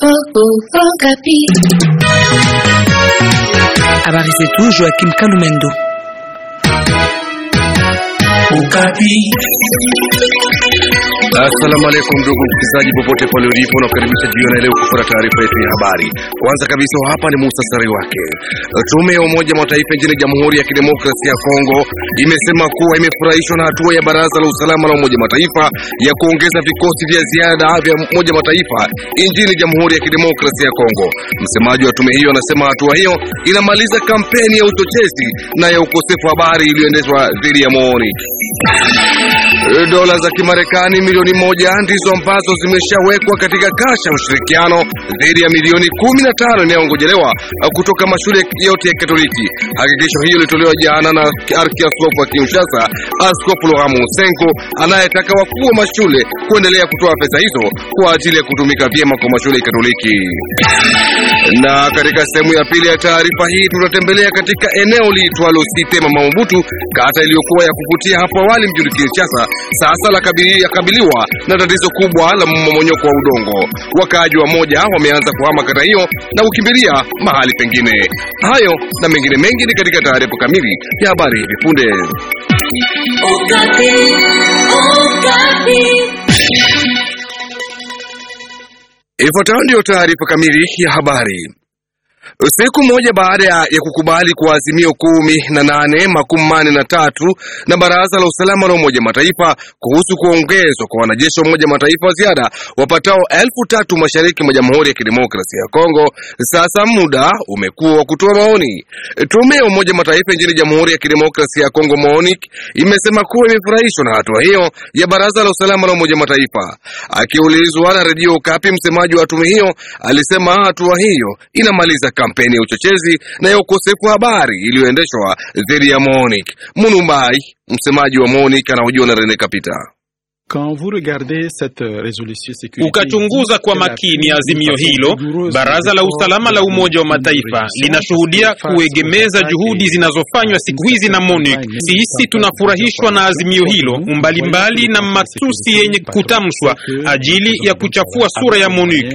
Fou Fou Fou Kapi Abarize tou Joakim Kaloumendo Fou Kapi Fou Fou Fou Kapi Assalamu alaikum ndugu msikilizaji, popote pale ulipo, na kukaribisha jioni leo kufuata taarifa yetu ya habari. Kwanza kabisa, hapa ni muhtasari wake. Tume ya Umoja wa Mataifa nchini Jamhuri ya Kidemokrasia ya Kongo imesema kuwa imefurahishwa na hatua ya Baraza la Usalama la Umoja wa Mataifa ya kuongeza vikosi vya ziada vya Umoja wa Mataifa nchini Jamhuri ya Kidemokrasia ya Kongo. Msemaji wa tume hiyo anasema hatua hiyo inamaliza kampeni ya uchochezi na ya ukosefu wa habari iliyoendeshwa dhidi ya Mooni. Dola za Kimarekani milioni moja ndizo ambazo zimeshawekwa katika kasha ushirikiano dhidi ya milioni 15 inayongojelewa kutoka mashule yote ya Katoliki. Hakikisho hiyo ilitolewa jana na Arkiaskofu wa Kinshasa, Askofu Laurent Musengo, anayetaka wakuu wa mashule kuendelea kutoa pesa hizo kwa ajili ya kutumika vyema kwa mashule ya Katoliki. Na katika sehemu ya pili ya taarifa hii tutatembelea katika eneo liitwalo Mama Maumubutu, kata iliyokuwa ya kuvutia hapo awali mjini Kinshasa, sasa kabiliwa na tatizo kubwa la mmomonyoko wa udongo. Wakaaji wa moja wameanza kuhama kata hiyo na kukimbilia mahali pengine. Hayo na mengine mengi ni katika taarifa kamili ya habari hivi punde. Ifuatayo ndiyo taarifa kamili ya habari. Siku moja baada ya kukubali kwa azimio kumi na nane makumi mane na tatu na Baraza la Usalama la Umoja Mataifa kuhusu kuongezwa kwa wanajeshi wa Umoja Mataifa wa ziada wapatao elfu tatu mashariki mwa Jamhuri ya Kidemokrasia ya Kongo, sasa muda umekuwa wa kutoa maoni. Tume ya Umoja Mataifa nchini Jamhuri ya Kidemokrasia ya Kongo, MONUC, imesema kuwa imefurahishwa na hatua hiyo ya Baraza la Usalama la Umoja Mataifa. Akiulizwa na redio Kapi, msemaji wa tume hiyo alisema hatua hiyo inamaliza kampeni ya uchochezi na ya ukosefu wa habari iliyoendeshwa dhidi ya Monik. Munumbai, msemaji wa Monik, anahojiwa na Rene Kapita. Euh, Ukachunguza kwa makini azimio hilo, Baraza la Usalama la Umoja wa Mataifa linashuhudia kuegemeza juhudi zinazofanywa siku hizi na MONUC. Sisi tunafurahishwa na azimio hilo mbalimbali na matusi yenye kutamshwa ajili ya kuchafua sura ya MONUC.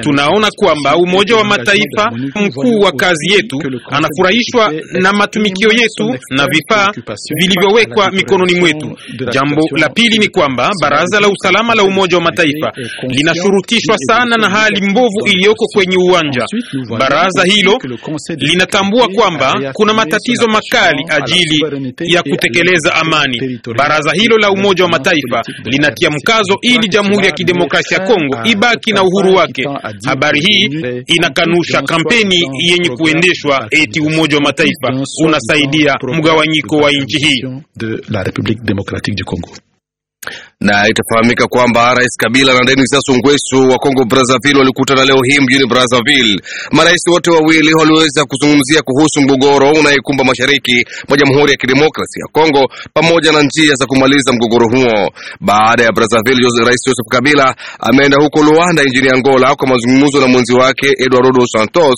Tunaona kwamba Umoja wa Mataifa, mkuu wa kazi yetu, anafurahishwa na matumikio yetu na vifaa vilivyowekwa mikononi mwetu. Jambo la pili ni kwamba baraza la usalama la Umoja wa Mataifa linashurutishwa sana na hali mbovu iliyoko kwenye uwanja. Baraza hilo linatambua kwamba kuna matatizo makali ajili ya kutekeleza amani. Baraza hilo la Umoja wa Mataifa linatia mkazo ili Jamhuri ya Kidemokrasia ya Kongo ibaki na uhuru wake. Habari hii inakanusha kampeni yenye kuendeshwa eti Umoja wa Mataifa unasaidia mgawanyiko wa nchi hii na itafahamika kwamba Rais Kabila na Denis Sassou Nguesso wa Kongo Brazzaville walikutana leo hii mjini Brazzaville. Marais wote wawili waliweza kuzungumzia kuhusu mgogoro unayekumba mashariki mwa Jamhuri ya Kidemokrasia ya Kongo pamoja na njia za kumaliza mgogoro huo. Baada ya Brazzaville, Rais Joseph Kabila ameenda huko Luanda nchini Angola kwa mazungumzo na mwenzi wake Eduardo Dos Santos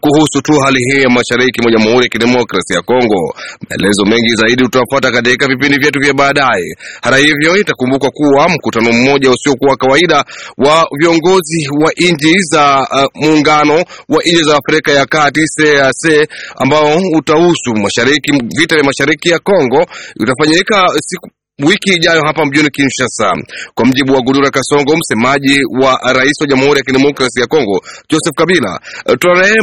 kuhusu tu hali hii ya mashariki mwa Jamhuri ya Kidemokrasia ya Kongo. Maelezo mengi zaidi utafuata katika vipindi vyetu vya baadaye. Hata hivyo itakumbuka kwa kuwa mkutano mmoja usiokuwa kawaida wa viongozi wa nchi za uh, muungano wa nchi za Afrika ya Kati cac ambao utahusu mashariki vita vya mashariki ya Kongo utafanyika siku wiki ijayo hapa mjini Kinshasa. Kwa mjibu wa Gudura Kasongo, msemaji wa rais wa Jamhuri ya Kidemokrasia ya Kongo Joseph Kabila, tarehe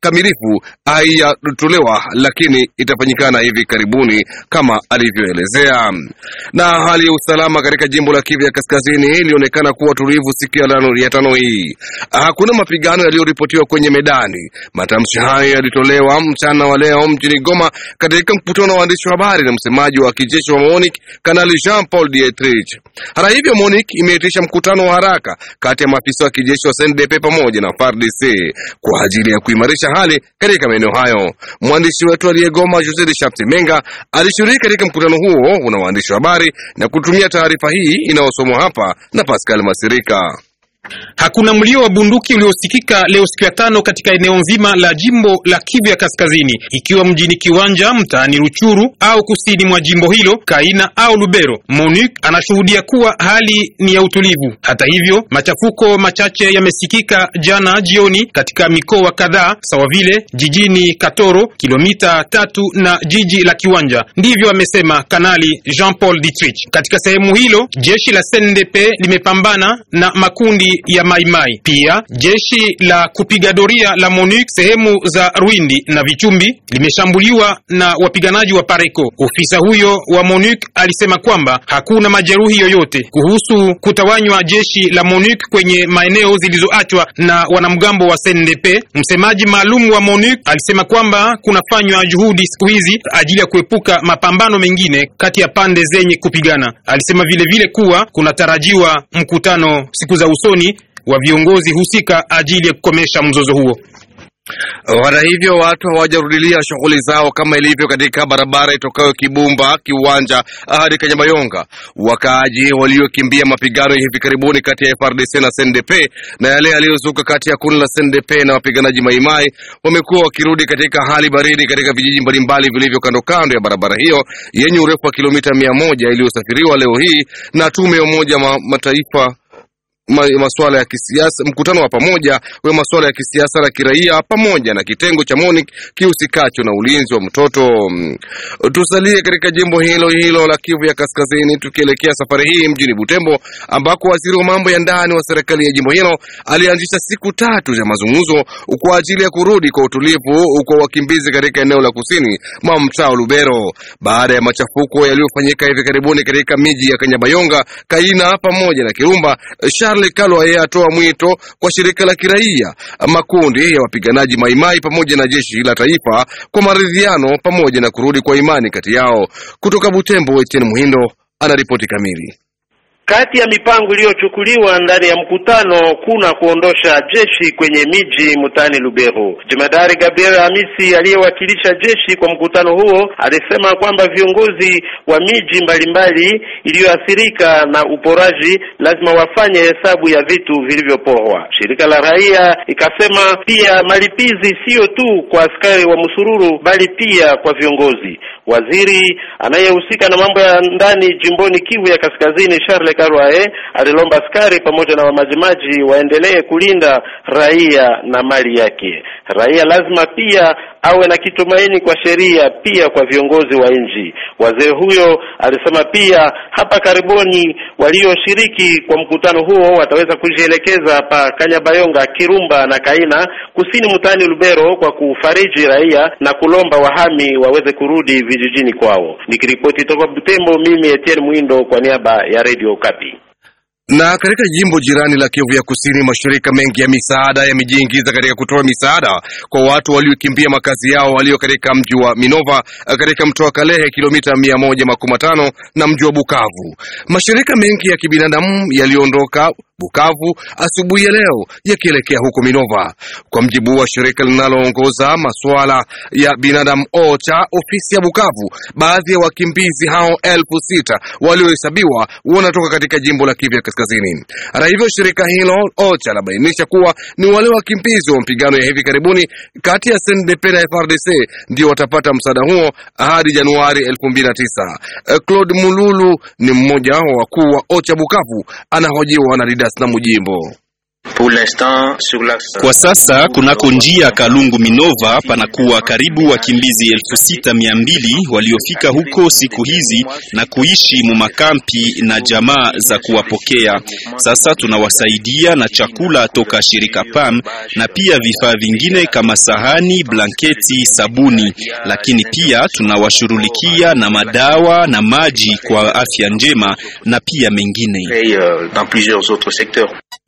kamilifu haijatolewa, lakini itafanyikana hivi karibuni kama alivyoelezea. Na hali ya usalama katika jimbo la Kivu ya Kaskazini ilionekana kuwa tulivu siku ya tano hii, hakuna mapigano yaliyoripotiwa kwenye medani. Matamshi hayo yalitolewa mchana wa leo mjini Goma katika mkutano wa waandishi wa habari na msemaji wa kijeshi wa MONUC kana Jenerali Jean-Paul Dietrich. Hata hivyo, MONUC imeitisha mkutano wa haraka kati ya maafisa wa kijeshi wa SNDP pamoja na FARDC kwa ajili ya kuimarisha hali katika maeneo hayo. Mwandishi wetu aliyegoma Jose de Shafti Menga alishiriki katika mkutano huo una waandishi wa habari na kutumia taarifa hii inayosomwa hapa na Pascal Masirika. Hakuna mlio wa bunduki uliosikika leo siku ya tano katika eneo nzima la jimbo la Kivu ya Kaskazini, ikiwa mjini Kiwanja, mtaani Ruchuru au kusini mwa jimbo hilo, Kaina au Lubero. MONUC anashuhudia kuwa hali ni ya utulivu. Hata hivyo, machafuko machache yamesikika jana jioni katika mikoa kadhaa sawa vile jijini Katoro, kilomita tatu na jiji la Kiwanja. Ndivyo amesema Kanali Jean Paul Dietrich. Katika sehemu hilo jeshi la CNDP limepambana na makundi ya Maimai Mai. Pia jeshi la kupiga doria la MONUC sehemu za Rwindi na Vichumbi limeshambuliwa na wapiganaji wa Pareko. Ofisa huyo wa MONUC alisema kwamba hakuna majeruhi yoyote. Kuhusu kutawanywa jeshi la MONUC kwenye maeneo zilizoachwa na wanamgambo wa CNDP, msemaji maalum wa MONUC alisema kwamba kunafanywa juhudi siku hizi ajili ya kuepuka mapambano mengine kati ya pande zenye kupigana. Alisema vilevile vile kuwa kunatarajiwa mkutano siku za usoni ushauri wa viongozi husika ajili ya kukomesha mzozo huo. Hata hivyo watu hawajarudilia shughuli zao kama ilivyo katika barabara itokayo Kibumba Kiwanja hadi Kanyabayonga. Wakaaji waliokimbia mapigano ya hivi karibuni kati ya FRDC na CNDP na yale yaliyozuka kati ya kundi la CNDP na wapiganaji Maimai wamekuwa wakirudi katika hali baridi katika vijiji mbalimbali vilivyo kando kando ya barabara hiyo yenye urefu wa kilomita mia moja iliyosafiriwa leo hii na tume ya Umoja Mataifa masuala ya kisiasa, mkutano wa pamoja wa masuala ya kisiasa na kiraia pamoja na kitengo cha MONUC kihusikacho na ulinzi wa mtoto. Mm, tusalie katika jimbo hilo hilo la Kivu ya Kaskazini, tukielekea safari hii mjini Butembo ambako waziri wa mambo ya ndani wa serikali ya jimbo hilo alianzisha siku tatu za mazungumzo kwa ajili ya kurudi kwa utulivu kwa wakimbizi katika eneo la kusini mwa mtaa Lubero baada ya machafuko yaliyofanyika hivi karibuni katika miji ya Kanyabayonga, Kaina pamoja na Kirumba. Charles Kalwaye atoa mwito kwa shirika la kiraia, makundi ya wapiganaji Maimai pamoja na jeshi la taifa kwa maridhiano pamoja na kurudi kwa imani kati yao. Kutoka Butembo, Etienne Muhindo anaripoti kamili. Kati ya mipango iliyochukuliwa ndani ya mkutano kuna kuondosha jeshi kwenye miji mtaani Lubero. Jemadari Gabriel Hamisi aliyewakilisha jeshi kwa mkutano huo alisema kwamba viongozi wa miji mbalimbali iliyoathirika na uporaji lazima wafanye hesabu ya vitu vilivyoporwa. Shirika la raia ikasema pia malipizi siyo tu kwa askari wa msururu bali pia kwa viongozi. Waziri anayehusika na mambo ya ndani jimboni Kivu ya Kaskazini Charles serikali wae alilomba askari pamoja na wamajimaji waendelee kulinda raia na mali yake. Raia lazima pia awe na kitumaini kwa sheria, pia kwa viongozi wa nchi. Wazee huyo alisema pia hapa karibuni walioshiriki kwa mkutano huo wataweza kujielekeza hapa Kanyabayonga, Kirumba na Kaina kusini mtaani Lubero kwa kufariji raia na kulomba wahami waweze kurudi vijijini kwao. Nikiripoti toka Butembo, mimi Etienne Mwindo kwa niaba ya Radio Okapi. Na katika jimbo jirani la Kivu ya Kusini, mashirika mengi ya misaada yamejiingiza katika kutoa misaada kwa watu waliokimbia makazi yao walio katika mji wa Minova katika mto wa Kalehe, kilomita 115 na mji wa Bukavu. Mashirika mengi ya kibinadamu yaliondoka Bukavu asubuhi ya leo yakielekea huko Minova. Kwa mjibu wa shirika linaloongoza masuala ya binadamu OCHA ofisi ya Bukavu, baadhi ya wakimbizi hao elfu sita waliohesabiwa wanatoka katika jimbo la Kivu ya Kaskazini. Hata hivyo, shirika hilo OCHA labainisha kuwa ni wale wakimbizi wa mapigano ya hivi karibuni kati ya SNDP na FRDC ndio watapata msaada huo hadi Januari 2009. Claude Mululu ni mmoja wa wakuu wa OCHA Bukavu, anahojiwa na Dar es Salaam kwa sasa kunako njia Kalungu Minova panakuwa karibu wakimbizi elfu sita mia mbili waliofika huko siku hizi na kuishi mumakampi na jamaa za kuwapokea. Sasa tunawasaidia na chakula toka shirika PAM na pia vifaa vingine kama sahani, blanketi, sabuni, lakini pia tunawashughulikia na madawa na maji kwa afya njema na pia mengine. Euh,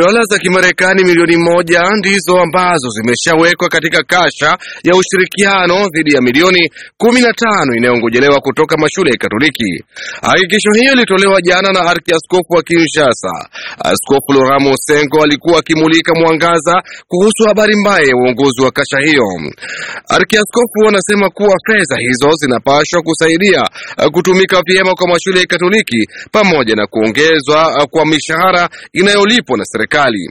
Dola za Kimarekani milioni moja ndizo ambazo zimeshawekwa katika kasha ya ushirikiano dhidi ya milioni tano inayongojelewa kutoka mashule ya Katoliki. Hakikisho hiyo ilitolewa jana na arkiaskofu wa Kinshasa. Askofu Laurent Monsengo alikuwa akimulika mwangaza kuhusu habari mbaya ya uongozi wa kasha hiyo. Arkiaskofu anasema kuwa fedha hizo zinapashwa kusaidia eh, kutumika vyema kwa mashule ya Katoliki pamoja na kuongezwa eh, kwa mishahara inayolipwa na serikali.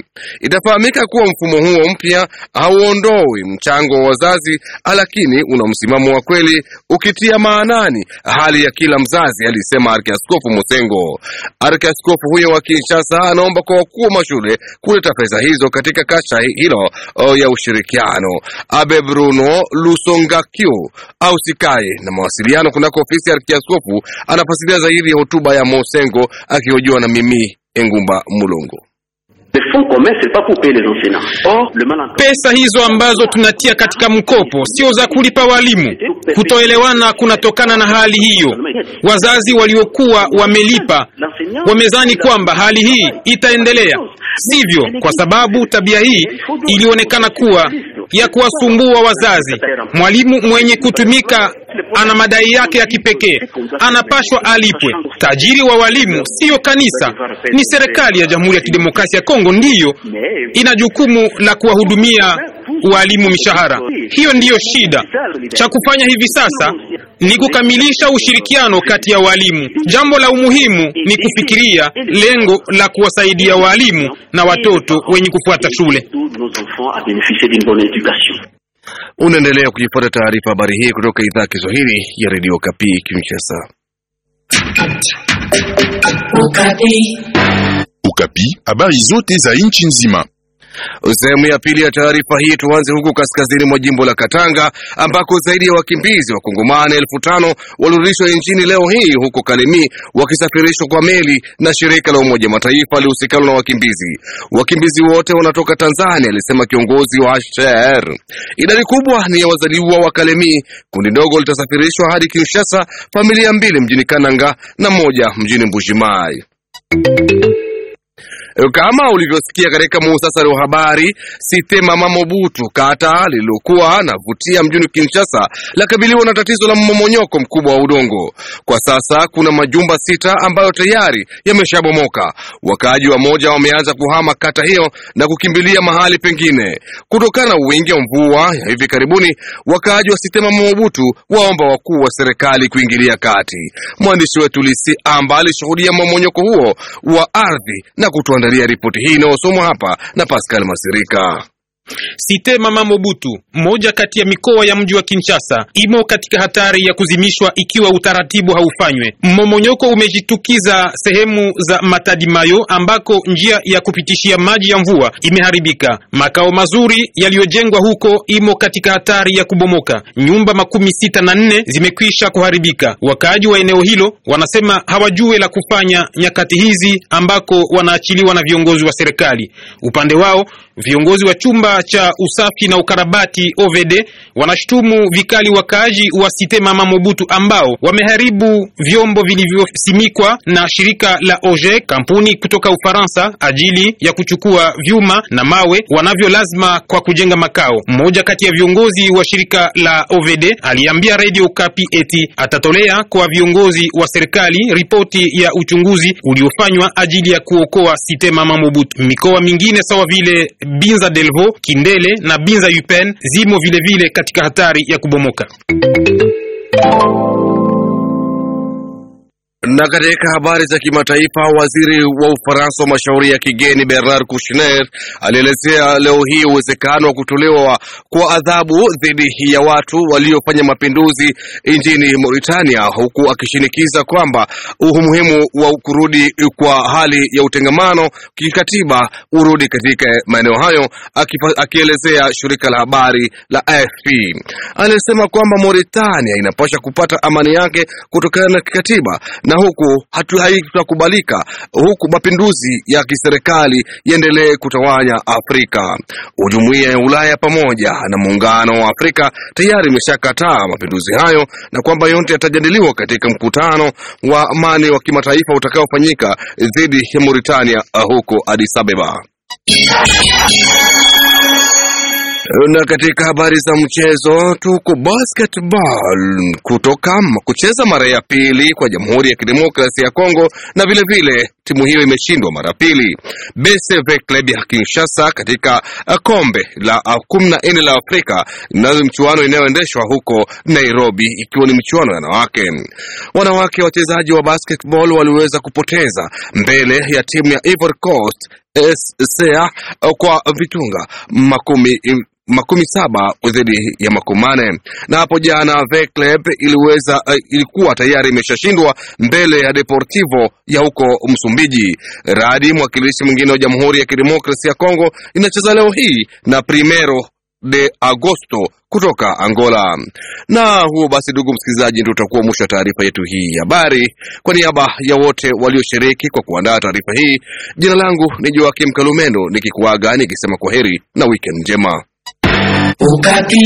Itafahamika kuwa mfumo huo mpya hauondoi mchango wa wazazi, lakini una msimamo wa kweli ukitia maanani hali ya kila mzazi, alisema Arkiaskofu Musengo. Arkiaskofu huyo wa Kinshasa anaomba kwa wakuu wa mashule kuleta pesa hizo katika kasha hilo oh, ya ushirikiano. Abe Bruno Lusongakio au sikae na mawasiliano kunako ofisi ya Arkiaskofu anafasilia zaidi hotuba ya Mosengo akihojiwa na mimi Engumba Mulongo. Pesa hizo ambazo tunatia katika mkopo sio za kulipa walimu. Kutoelewana kunatokana na hali hiyo. Wazazi waliokuwa wamelipa wamezani kwamba hali hii itaendelea, sivyo? Kwa sababu tabia hii ilionekana kuwa ya kuwasumbua wazazi. Mwalimu mwenye kutumika ana madai yake ya kipekee, anapashwa alipwe. Tajiri wa walimu siyo kanisa, ni serikali ya Jamhuri ya Kidemokrasia ya Kongo ndiyo ina jukumu la kuwahudumia walimu mishahara. Hiyo ndiyo shida. Cha kufanya hivi sasa ni kukamilisha ushirikiano kati ya walimu. Jambo la umuhimu ni kufikiria lengo la kuwasaidia walimu na watoto wenye kufuata shule. Unaendelea kujifuata taarifa habari hii kutoka idhaa ya Kiswahili ya redio Kapi Kinshasa. Ukapi, habari zote za nchi nzima Sehemu ya pili ya taarifa hii tuanze huko kaskazini mwa jimbo la Katanga ambako zaidi ya wakimbizi wa Kongomani elfu tano walirudishwa nchini leo hii huko Kalemi wakisafirishwa kwa meli na shirika la Umoja Mataifa lihusikalo na wakimbizi. Wakimbizi wote wanatoka Tanzania, alisema kiongozi wa HCR. Idadi kubwa ni ya wazaliwa wa Kalemi. Kundi ndogo litasafirishwa hadi Kinshasa, familia mbili mjini Kananga na moja mjini mbujimai Eh, kama ulivyosikia katika muhtasari wa habari, sitema Mamobutu, kata lililokuwa navutia mjini Kinshasa, lakabiliwa na tatizo la mmomonyoko mkubwa wa udongo. Kwa sasa kuna majumba sita ambayo tayari yameshabomoka. Wakaaji wa moja wameanza kuhama kata hiyo na kukimbilia mahali pengine. Kutokana na wingi wa mvua ya hivi karibuni, wakaaji wa sitema Mamobutu waomba wakuu wa serikali kuingilia kati. Mwandishi wetu Lisi Amba alishuhudia mmomonyoko huo wa ardhi na kutuanda kuandalia ripoti hii inayosomwa hapa na Pascal Masirika. Mama Mobutu, mmoja kati ya mikoa ya mji wa Kinshasa, imo katika hatari ya kuzimishwa ikiwa utaratibu haufanywe. Mmomonyoko umejitukiza sehemu za Matadi Mayo ambako njia ya kupitishia maji ya mvua imeharibika. Makao mazuri yaliyojengwa huko imo katika hatari ya kubomoka. Nyumba makumi sita na nne zimekwisha kuharibika. Wakaaji wa eneo hilo wanasema hawajue la kufanya nyakati hizi ambako wanaachiliwa na viongozi wa serikali. Upande wao Viongozi wa chumba cha usafi na ukarabati OVD wanashutumu vikali wakaaji wa Site Mama Mobutu ambao wameharibu vyombo vilivyosimikwa na shirika la OGE, kampuni kutoka Ufaransa, ajili ya kuchukua vyuma na mawe wanavyolazima kwa kujenga makao. Mmoja kati ya viongozi wa shirika la OVD aliambia Radio Kapi eti atatolea kwa viongozi wa serikali ripoti ya uchunguzi uliofanywa ajili ya kuokoa Site Mama Mobutu. Mikoa mingine sawa vile Binza Delvo, Kindele na Binza upen zimo vilevile vile katika hatari ya kubomoka. Na katika habari za kimataifa, waziri wa Ufaransa wa mashauri ya kigeni Bernard Kouchner alielezea leo hii uwezekano wa kutolewa kwa adhabu dhidi ya watu waliofanya mapinduzi nchini Mauritania, huku akishinikiza kwamba umuhimu wa kurudi kwa hali ya utengamano kikatiba urudi katika maeneo hayo. Akielezea shirika la habari la AFP, alisema kwamba Mauritania inapasha kupata amani yake kutokana na kikatiba na na huku haitakubalika, huku mapinduzi ya kiserikali yaendelee kutawanya Afrika. Ujumuiya ya Ulaya pamoja na Muungano wa Afrika tayari imeshakataa mapinduzi hayo na kwamba yote yatajadiliwa katika mkutano wa amani wa kimataifa utakaofanyika dhidi ya Mauritania uh, huko Addis Ababa. Na katika habari za mchezo tuko basketball kutoka kucheza mara ya pili kwa Jamhuri ya Kidemokrasia ya Kongo, na vilevile vile, timu hiyo imeshindwa mara pili. BCV Club ya Kinshasa katika uh, kombe la uh, kumi na nne la Afrika na mchuano inayoendeshwa huko Nairobi, ikiwa ni mchuano ya wanawake. Wanawake wachezaji wa basketball waliweza kupoteza mbele ya timu ya Ivory Coast SCA uh, kwa vitunga makumi makumi saba dhidi ya makumi na hapo jana Vecleb iliweza uh, ilikuwa tayari imeshashindwa mbele ya Deportivo ya huko Msumbiji. Radi mwakilishi mwingine wa Jamhuri ya Kidemokrasia ya Kongo inacheza leo hii na Primero de Agosto kutoka Angola. Na huo basi, ndugu msikilizaji, ndio utakuwa mwisho wa taarifa yetu hii ya habari. Kwa niaba ya wote walioshiriki kwa kuandaa taarifa hii, jina langu ni Joakim Kalumendo nikikuaga nikisema kwa heri na weekend njema. Okapi.